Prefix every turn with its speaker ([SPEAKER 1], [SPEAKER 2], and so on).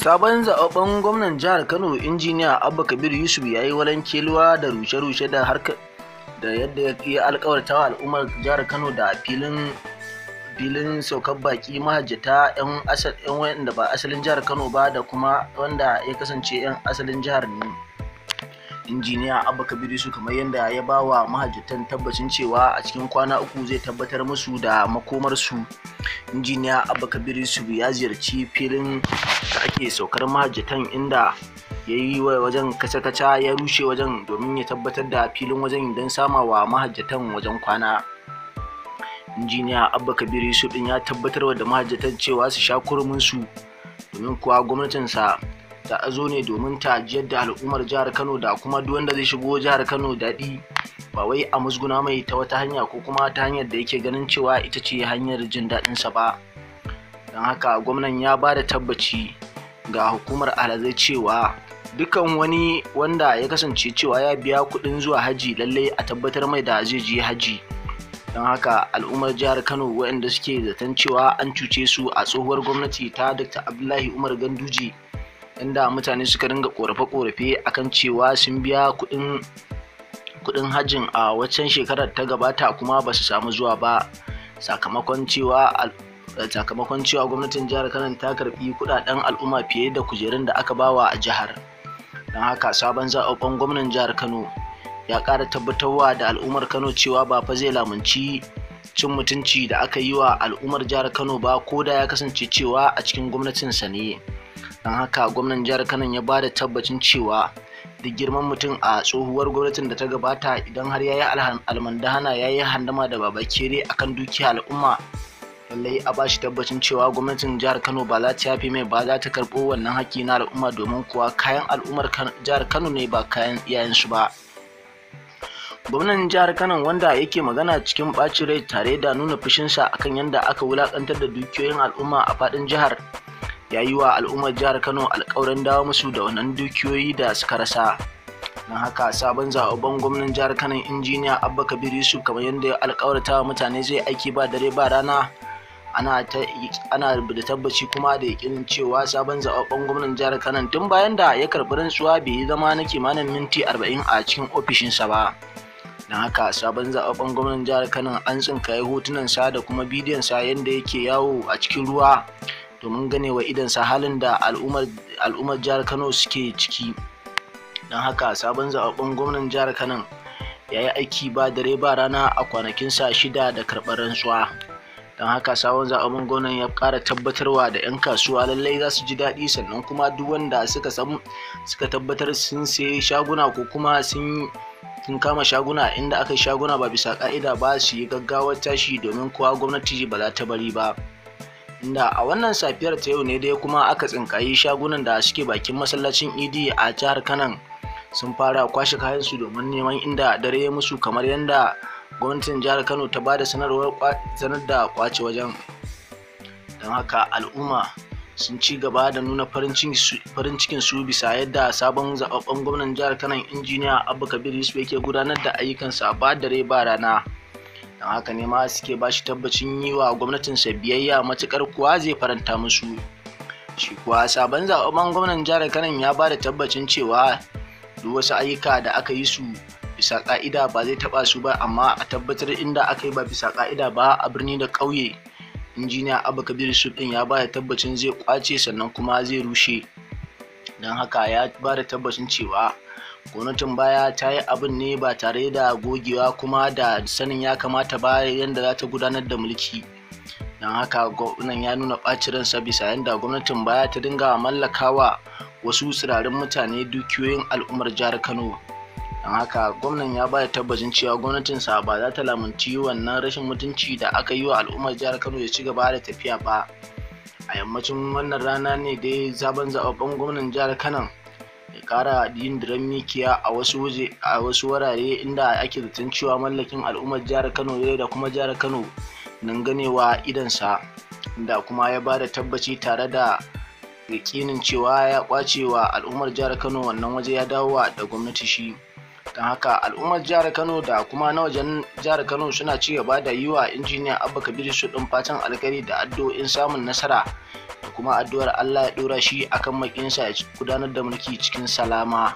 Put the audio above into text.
[SPEAKER 1] Sabon zaɓaɓɓen gwamnan jihar Kano injiniya Abba Kabir Yusuf ya yi walan keluwa da rushe-rushe da harka da yadda ya wa al'ummar jihar Kano da filin filin saukar baki mahajjata 'yan asal ba asalin jihar Kano ba da kuma wanda ya kasance 'yan asalin jihar ne. injiniya abba kabiru su kamar yadda ya ba wa mahajjatan tabbacin cewa a cikin kwana uku zai tabbatar musu da makomar su injiniya abba kabiru su ya ziyarci filin da ake saukar mahajjatan inda ya yi wajen kaca-kaca ya rushe wajen domin ya tabbatar da filin wajen don sama wa mahajjatan wajen kwana injiniya abba kabiru yusuf ya tabbatar da mahajjatan cewa su sha kurumin su domin kuwa gwamnatinsa a zo ne domin ta jiyar da al'ummar jihar kano da kuma duk wanda zai shigo jihar kano daɗi ba wai a musguna mai ta wata hanya ko kuma ta hanyar da yake ganin cewa ita ce hanyar jin daɗinsa ba don haka gwamnan ya ba da tabbaci ga hukumar alazai cewa dukan wani wanda ya kasance cewa ya biya kuɗin zuwa haji lallai a tabbatar mai da zai je haji don haka al'ummar jihar kano waɗanda suke zaton cewa an cuce su a tsohuwar gwamnati ta dr abdullahi umar ganduje inda mutane suka ringa korafe-korafe akan cewa sun biya kudin hajjin a waccan shekarar ta gabata kuma ba su samu zuwa ba sakamakon cewa sakamakon cewa gwamnatin jihar kano ta karbi kudaden al'umma fiye da kujerun da aka bawa a jihar don haka sabon zaɓaɓɓen gwamnan jihar kano ya ƙara tabbatarwa da al'ummar kano cewa ba fa zai lamunci cin mutunci da aka yi wa al'ummar jihar kano ba ko da ya kasance cewa a cikin gwamnatin sa ne don haka gwamnan jihar kano ya ba da tabbacin cewa da girman mutum a tsohuwar gwamnatin da ta gabata idan har ya yi almandahana ya yi handama da baba babakere akan dukiya al'umma lallai a bashi tabbacin cewa gwamnatin jihar kano ba za ta yafi mai ba za ta karɓo wannan haƙƙi na al'umma domin kuwa kayan al'ummar jihar kano ne ba kayan iyayensu ba gwamnan jihar kano wanda yake magana cikin bacin rai tare da nuna fushinsa akan yadda aka wulakantar da dukiyoyin al'umma a faɗin jihar ya yi wa al'ummar jihar kano alkawarin dawo musu da wannan dukiyoyi da suka rasa don haka sabon zaɓen gwamnan jihar kano injiniya abba kabir yusuf kamar yadda ya alkawarta mutane zai aiki ba dare ba rana ana da tabbaci kuma da yakinin cewa sabon zaɓen gwamnan jihar kano tun bayan da ya karɓi rantsuwa bai yi zama na kimanin minti arba'in a cikin ofishinsa ba don haka sabon zaɓen gwamnan jihar kano an tsinkaye hotunan sa da kuma bidiyon sa yadda yake yawo a cikin ruwa domin ganewa sa halin da al'ummar jihar kano suke ciki don haka sabon zaɓaɓɓen gwamnan jihar kano ya yi aiki ba dare ba rana a kwanakinsa shida da karɓar rantsuwa don haka sabon zaɓaɓɓen gwamnan ya ƙara tabbatarwa da 'yan kasuwa lallai za su ji daɗi sannan kuma duk wanda suka suka tabbatar sun sayi shaguna ko kuma sun sun kama shaguna inda aka yi shaguna ba bisa ka'ida ba su yi gaggawar tashi domin kowa gwamnati ba za ta bari ba inda a wannan safiyar ta yau ne dai kuma aka tsinkayi shagunan da suke bakin masallacin idi a jihar kanan sun fara kwashe kayansu domin neman inda dare ya musu kamar yadda gwamnatin jihar kano ta bada sanarwar sanar da kwace wajen don haka al'umma sun ci gaba da nuna farin cikin su bisa yadda sabon zababben gwamnan jihar kano injiniya abu kabir yusuf yake gudanar da ayyukansa ba dare ba rana don haka ne ma suke ba shi tabbacin yi wa gwamnatinsa biyayya matukar kuwa zai faranta musu shi kuwa sabon zaɓen gwamnan jihar kanon ya ba da tabbacin cewa duk wasu ayyuka da aka yi su bisa ka'ida ba zai taɓa su ba amma a tabbatar inda aka yi ba bisa ka'ida ba a birni da ƙauye injiniya abu kabir yusuf ɗin ya ba da tabbacin zai kwace sannan kuma zai rushe don haka ya ba da tabbacin cewa gwamnatin baya ta yi abin ne ba tare da gogewa kuma da sanin ya kamata ba yadda za ta gudanar da mulki don haka gwamnan ya nuna ɓacin bisa yadda gwamnatin baya ta dinga mallakawa wasu tsirarin mutane dukiyoyin al'ummar jihar kano don haka gwamnan ya bada tabbacin cewa gwamnatinsa ba za ta lamunci wannan rashin mutunci da aka yi wa al'ummar jihar kano ya ci gaba da tafiya ba a yammacin wannan rana ne dai zaben zababben gwamnan jihar kano kara yin diran mikiya a wasu waje a wasu wurare inda ake zaton cewa mallakin al'ummar jihar Kano ne da kuma jihar Kano nan ganewa idansa da kuma ya ba da tabbaci tare da yakinin cewa ya kwace wa al'ummar jihar Kano wannan waje ya dawo da gwamnati shi. don haka al'ummar jihar kano da kuma na wajen jihar kano suna ci gaba da yi wa injiniya abba kabir su ɗin fatan alkari da addu'o'in samun nasara da kuma addu'ar allah ya dora shi akan makinsa ya gudanar da mulki cikin salama